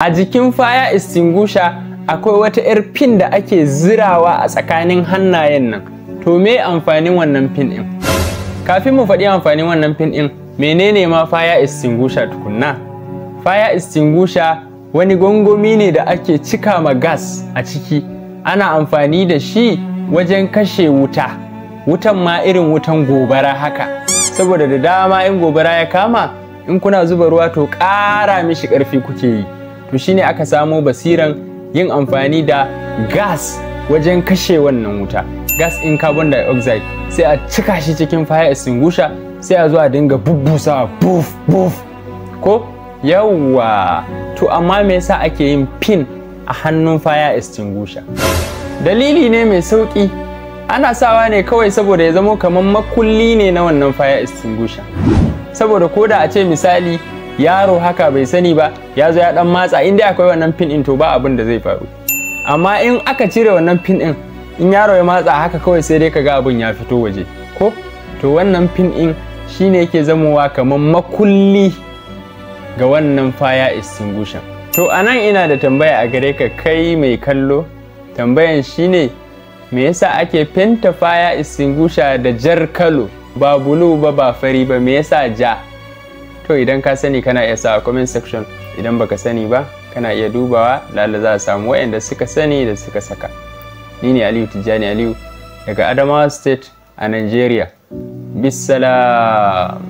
A jikin faya extinguisher akwai wata 'yar pin da ake zirawa a tsakanin hannayen nan. To me amfanin wannan pin ɗin? Kafin mu faɗi amfanin wannan pin ɗin, menene ma faya extinguisher tukunna? Faya extinguisher wani gongomi ne da ake cika ma gas a ciki. Ana amfani da shi wajen kashe wuta. Wutan ma irin wutan gobara haka. Saboda da dama in gobara ya kama, in kuna zuba ruwa to ƙara mishi ƙarfi kuke yi. to shine aka samo basiran yin amfani da gas wajen kashe wannan wuta gas in carbon dioxide sai a cika shi cikin fire extinguisher sai a zo a dinga bubbusa buf buf ko yawwa to amma me yasa ake yin pin a hannun fire extinguisher dalili ne mai sauki ana sawa ne kawai saboda ya zamo kamar makulli ne na wannan fire extinguisher saboda koda a ce misali yaro haka bai sani ba ya zo ya dan matsa in akwai wannan pin din to ba abin da zai faru amma in aka cire wannan pin din in yaro ya matsa haka kawai sai dai kaga abin ya fito waje ko to wannan pin din shine yake zamowa kamar makulli ga wannan fire extinguisher to anan ina da tambaya a gare ka kai mai kallo tambayan shine me yasa ake penta fire extinguisher da jar kalo ba bulu ba ba fari ba me yasa ja to idan ka sani kana iya sa a comment section idan baka sani ba kana iya dubawa lalle za a samu waɗanda suka sani da suka saka ni ne aliyu tijjani aliyu daga adamawa state a nigeria bisalam